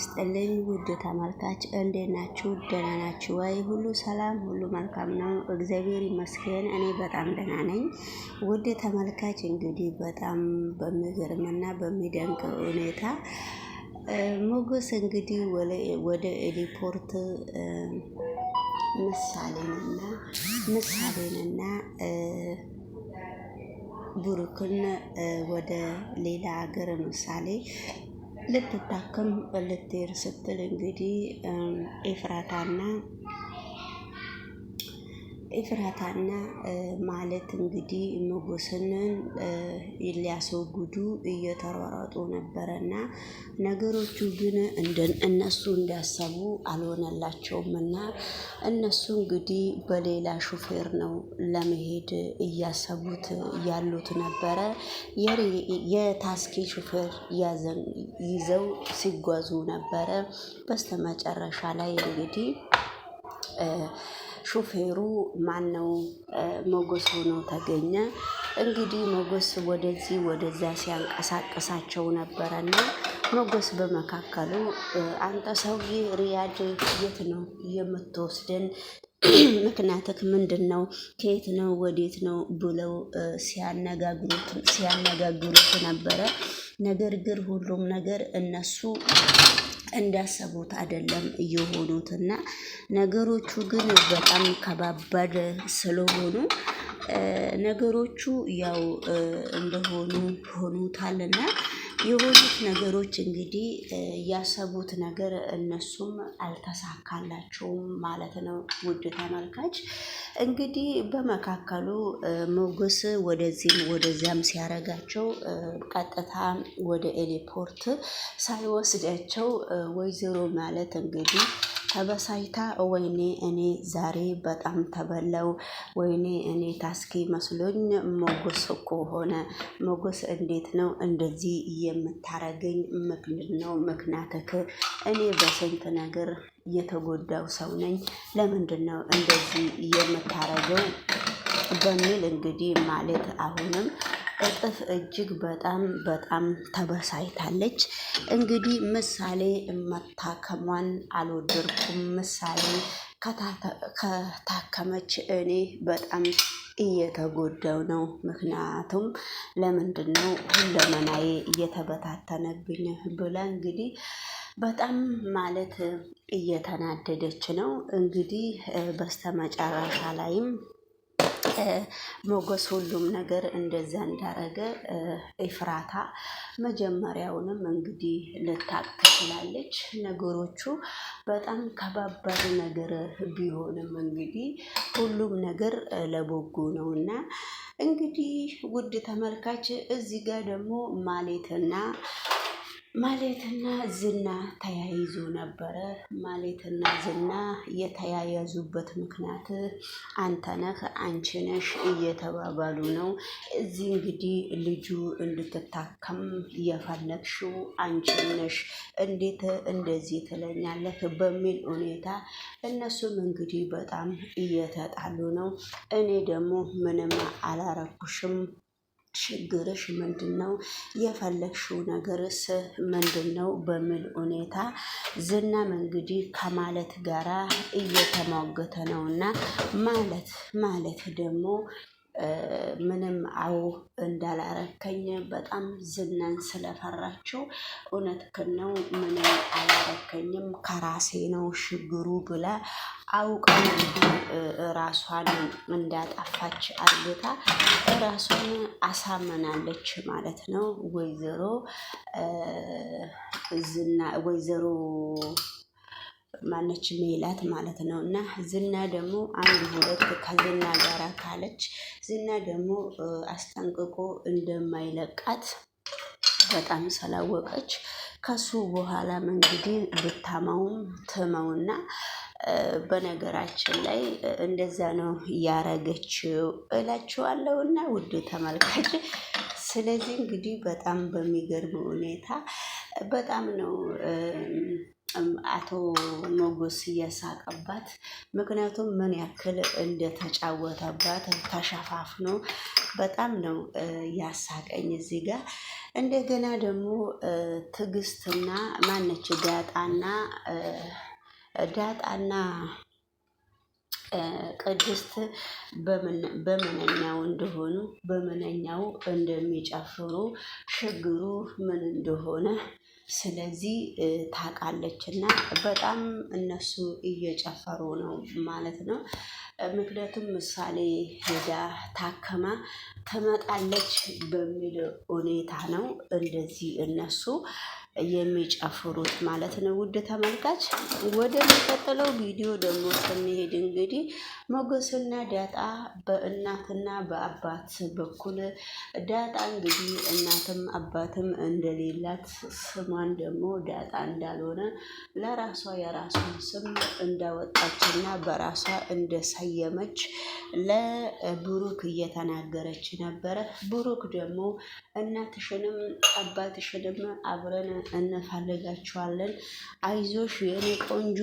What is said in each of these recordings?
ይስጥልኝ ውድ ተመልካች እንዴት ናችሁ? ደህና ናችሁ ወይ? ሁሉ ሰላም፣ ሁሉ መልካም ነው። እግዚአብሔር ይመስገን፣ እኔ በጣም ደህና ነኝ። ውድ ተመልካች እንግዲህ በጣም በሚገርምና በሚደንቅ ሁኔታ ሞገስ እንግዲህ ወደ ኤሊፖርት ምሳሌንና ምሳሌንና ብሩክን ወደ ሌላ ሀገር ምሳሌ ልትታከም ልትሄድ ስትል እንግዲህ ኤፍራታና ኤፍራታና ማለት እንግዲህ ሞገስንን ሊያስወግዱ እየተሯሯጡ ነበረና ነገሮቹ ግን እነሱ እንዳሰቡ አልሆነላቸውም እና እነሱ እንግዲህ በሌላ ሹፌር ነው ለመሄድ እያሰቡት ያሉት ነበረ። የታስኪ ሹፌር ይዘው ሲጓዙ ነበረ። በስተመጨረሻ ላይ እንግዲህ ሹፌሩ ነው? ሞገስ ሆኖ ተገኘ። እንግዲህ ሞገስ ወደዚህ ወደዛ ሲያንቀሳቀሳቸው ነበረና ሞገስ በመካከሉ አንተ ሰውዬ ሪያድ የት ነው የምትወስደን? ምክንያትክ ምንድን ነው? ከየት ነው ወዴት ነው ብለው ሲያነጋግሩት ነበረ። ነገር ግን ሁሉም ነገር እነሱ እንዳሰቡት አይደለም እና ነገሮቹ ግን በጣም ከባባድ ስለሆኑ ነገሮቹ ያው እንደሆኑ ሆኑታልና የሆኑት ነገሮች እንግዲህ ያሰቡት ነገር እነሱም አልተሳካላቸውም ማለት ነው። ውድ ተመልካች እንግዲህ በመካከሉ ሞገስ ወደዚህም ወደዚያም ሲያረጋቸው ቀጥታ ወደ ኤሌፖርት ሳይወስዳቸው ወይዘሮ ማለት እንግዲህ ተበሳይታ ወይኔ እኔ ዛሬ በጣም ተበለው፣ ወይኔ እኔ ታስኪ መስሎኝ መጎስ እኮ ሆነ። መጎስ እንዴት ነው እንደዚህ የምታረገኝ? ምንድን ነው ምክንያትህ? እኔ በስንት ነገር የተጎዳው ሰው ነኝ። ለምንድን ነው እንደዚህ የምታረገው? በሚል እንግዲህ ማለት አሁንም እጥፍ እጅግ በጣም በጣም ተበሳይታለች። እንግዲህ ምሳሌ መታከሟን አልወደድኩም። ምሳሌ ከታከመች እኔ በጣም እየተጎዳው ነው። ምክንያቱም ለምንድን ነው ሁለመናዬ እየተበታተነብኝ ብላ እንግዲህ በጣም ማለት እየተናደደች ነው። እንግዲህ በስተመጨረሻ ላይም ሞገስ ሁሉም ነገር እንደዛ እንዳረገ ኤፍራታ መጀመሪያውንም እንግዲህ ልታቅ ትችላለች። ነገሮቹ በጣም ከባባድ ነገር ቢሆንም እንግዲህ ሁሉም ነገር ለበጎ እና እንግዲህ ውድ ተመልካች እዚህ ጋር ደግሞ ማሌትና ማሌትና ዝና ተያይዞ ነበረ። ማሌትና ዝና የተያያዙበት ምክንያት አንተ ነህ አንቺ ነሽ እየተባባሉ ነው። እዚህ እንግዲህ ልጁ እንድትታከም እየፈለግሽው አንቺ ነሽ፣ እንዴት እንደዚህ ትለኛለህ? በሚል ሁኔታ እነሱም እንግዲህ በጣም እየተጣሉ ነው። እኔ ደግሞ ምንም አላረኩሽም ችግርሽ ምንድን ነው? የፈለግሽው ነገርስ ምንድን ነው? በሚል ሁኔታ ዝናም እንግዲህ ከማለት ጋራ እየተሟገተ እና ማለት ማለት ደግሞ ምንም አው እንዳላረከኝ በጣም ዝናን ስለፈራችው እውነት ክነው ምንም አላረከኝም ከራሴ ነው ሽግሩ ብላ አውቃ ራሷን እንዳጠፋች አርግታ ራሷን አሳመናለች ማለት ነው ወይዘሮ ዝና ወይዘሮ ማነች ሜላት ማለት ነው። እና ዝና ደግሞ አንድ ሁለት ከዝና ጋር ካለች ዝና ደግሞ አስጠንቅቆ እንደማይለቃት በጣም ስላወቀች ከሱ በኋላም እንግዲህ ብታማውም ትመውና በነገራችን ላይ እንደዛ ነው እያረገችው እላችኋለሁ። እና ውድ ተመልካች ስለዚህ እንግዲህ በጣም በሚገርም ሁኔታ በጣም ነው አቶ ሞጎስ እየሳቀባት፣ ምክንያቱም ምን ያክል እንደተጫወተባት ተሸፋፍኖ በጣም ነው ያሳቀኝ። እዚህ ጋር እንደገና ደግሞ ትዕግስትና ማነች ዳጣና ዳጣና ቅድስት በምንኛው እንደሆኑ በምንኛው እንደሚጨፍሩ ሽግሩ ምን እንደሆነ ስለዚህ ታውቃለች እና በጣም እነሱ እየጨፈሩ ነው ማለት ነው። ምክንያቱም ምሳሌ ሄዳ ታከማ ትመጣለች በሚል ሁኔታ ነው እንደዚህ እነሱ የሚጨፍሩት ማለት ነው። ውድ ተመልካች ወደሚቀጥለው ቪዲዮ ደግሞ ስንሄድ እንግዲህ ሞገስና ዳጣ በእናትና በአባት በኩል ዳጣ እንግዲህ እናትም አባትም እንደሌላት ስሟን ደግሞ ዳጣ እንዳልሆነ ለራሷ የራሷን ስም እንዳወጣችና በራሷ እንደሰየመች ለብሩክ እየተናገረች ነበረ። ብሩክ ደግሞ እናትሽንም አባትሽንም አብረን እንፈልጋችኋለን፣ አይዞሽ የኔ ቆንጆ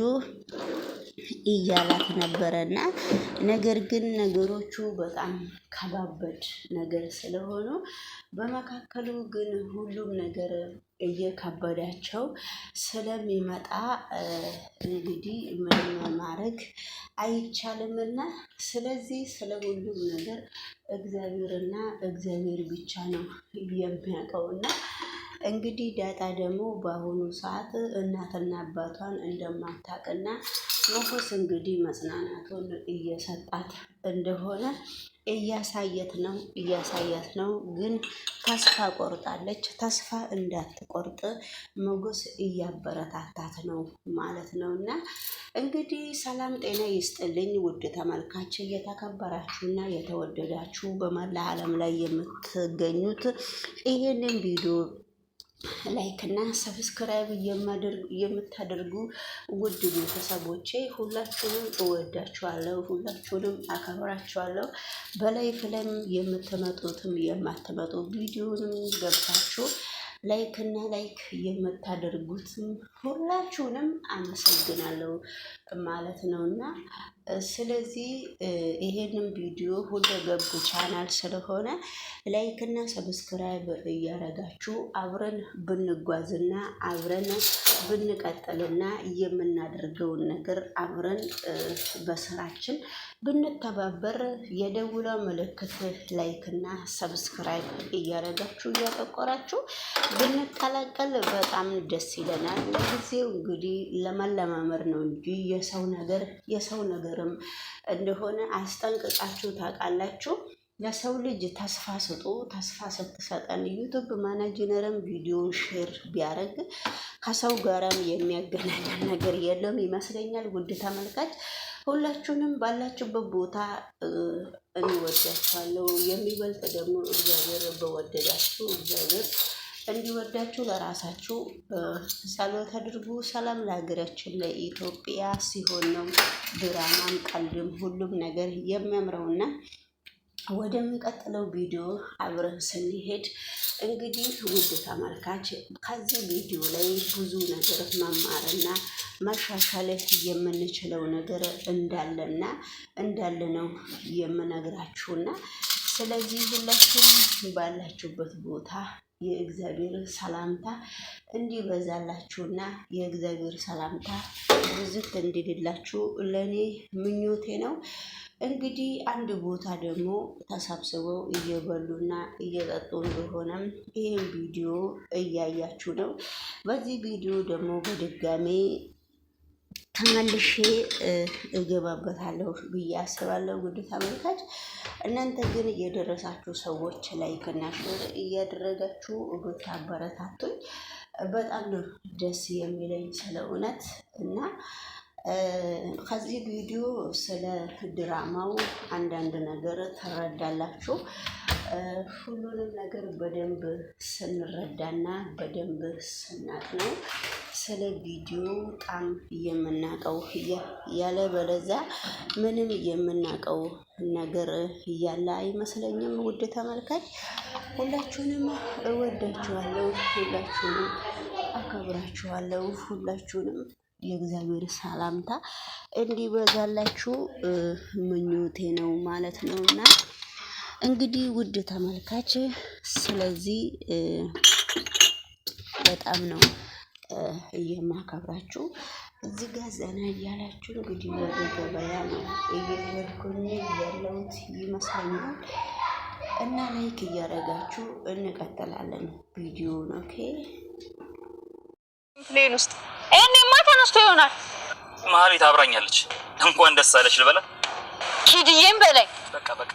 እያላት ነበረና ነገር ግን ነገሮቹ በጣም ከባበድ ነገር ስለሆኑ በመካከሉ ግን ሁሉም ነገር እየከበዳቸው ስለሚመጣ እንግዲህ ምንም ማድረግ አይቻልምና፣ ስለዚህ ስለ ሁሉም ነገር እግዚአብሔርና እግዚአብሔር ብቻ ነው የሚያውቀውና እንግዲህ ዳጣ ደግሞ በአሁኑ ሰዓት እናትና አባቷን እንደማታቅና ንጉስ እንግዲህ መጽናናቱን እየሰጣት እንደሆነ እያሳየት ነው እያሳያት ነው። ግን ተስፋ ቆርጣለች። ተስፋ እንዳትቆርጥ ንጉስ እያበረታታት ነው ማለት ነው። እና እንግዲህ ሰላም ጤና ይስጥልኝ ውድ ተመልካች፣ እየተከበራችሁና የተወደዳችሁ በመላ ዓለም ላይ የምትገኙት ይህንን ቪዲዮ ላይክ እና ሰብስክራይብ የምታደርጉ ውድ ቤተሰቦቼ ሁላችሁንም እወዳችኋለሁ፣ ሁላችሁንም አከብራችኋለሁ። በላይፍ ላይም የምትመጡትም የማትመጡ ቪዲዮንም ገብታችሁ ላይክ እና ላይክ የምታደርጉትም ሁላችሁንም አመሰግናለሁ ማለት ነው እና ስለዚህ ይሄንን ቪዲዮ ሁለገብ ቻናል ስለሆነ ላይክ እና ሰብስክራይብ እያረጋችሁ አብረን ብንጓዝና አብረን ብንቀጥልና የምናደርገውን ነገር አብረን በስራችን ብንተባበር የደውላ ምልክት ላይክና ሰብስክራይብ እያደረጋችሁ እያጠቆራችሁ ብንቀላቀል በጣም ደስ ይለናል። ለጊዜው እንግዲህ ለመለማመር ነው እንጂ የሰው ነገር የሰው ነገርም እንደሆነ አስጠንቅቃችሁ ታውቃላችሁ። ለሰው ልጅ ተስፋ ስጡ። ተስፋ ስትሰጠን ዩቱብ ማናጅነርም ቪዲዮ ሼር ቢያደርግ ከሰው ጋራም የሚያገናኘን ነገር የለም ይመስለኛል። ውድ ተመልካች ሁላችሁንም ባላችሁበት ቦታ እንወዳችኋለሁ። የሚበልጥ ደግሞ እግዚአብሔር በወደዳችሁ እግዚአብሔር እንዲወዳችሁ ለራሳችሁ ጸሎት አድርጉ። ሰላም ለሀገራችን ለኢትዮጵያ ሲሆን ነው ድራማም ቀልድም ሁሉም ነገር የሚያምረውና ወደሚቀጥለው ቪዲዮ አብረን ስንሄድ እንግዲህ ውድ ተመልካች ከዚህ ቪዲዮ ላይ ብዙ ነገር መማርና መሻሻል የምንችለው ነገር እንዳለና እንዳለ ነው የምነግራችሁና ስለዚህ ሁላችሁም ባላችሁበት ቦታ የእግዚአብሔር ሰላምታ እንዲበዛላችሁና የእግዚአብሔር ሰላምታ ብዝት እንዲልላችሁ ለእኔ ምኞቴ ነው። እንግዲህ አንድ ቦታ ደግሞ ተሰብስበው እየበሉና እየጠጡ እንደሆነም ይህን ቪዲዮ እያያችሁ ነው። በዚህ ቪዲዮ ደግሞ በድጋሜ ተመልሼ እገባበታለሁ ብዬ አስባለሁ። ጉድ ተመልካች እናንተ ግን የደረሳችሁ ሰዎች ላይክና ሼር እያደረጋችሁ ብታበረታቱኝ በጣም ነው ደስ የሚለኝ ስለ እውነት እና ከዚህ ቪዲዮ ስለ ድራማው አንዳንድ ነገር ትረዳላችሁ። ሁሉንም ነገር በደንብ ስንረዳና በደንብ ስናቅ ነው ስለ ቪዲዮ ጣም የምናቀው ያለ በለዛ ምንም የምናውቀው ነገር እያለ አይመስለኝም። ውድ ተመልካች ሁላችሁንም እወዳችኋለሁ፣ ሁላችሁንም አከብራችኋለሁ፣ ሁላችሁንም የእግዚአብሔር ሰላምታ እንዲበዛላችሁ ምኞቴ ነው ማለት ነው እና እንግዲህ ውድ ተመልካች ስለዚህ በጣም ነው የማከብራችሁ። እዚህ ጋር ዘና እያላችሁ እንግዲህ ወደ ገበያ ነው እየሄድኩኝ ያለሁት ይመስለኛል። እና ላይክ እያደረጋችሁ እንቀጥላለን ቪዲዮን። ኦኬ ፕሌን ውስጥ እኔማ ተነስቶ ይሆናል። መሀል ታብራኛለች። እንኳን ደስ አለች ልበላ ኪድዬም በላይ በቃ በቃ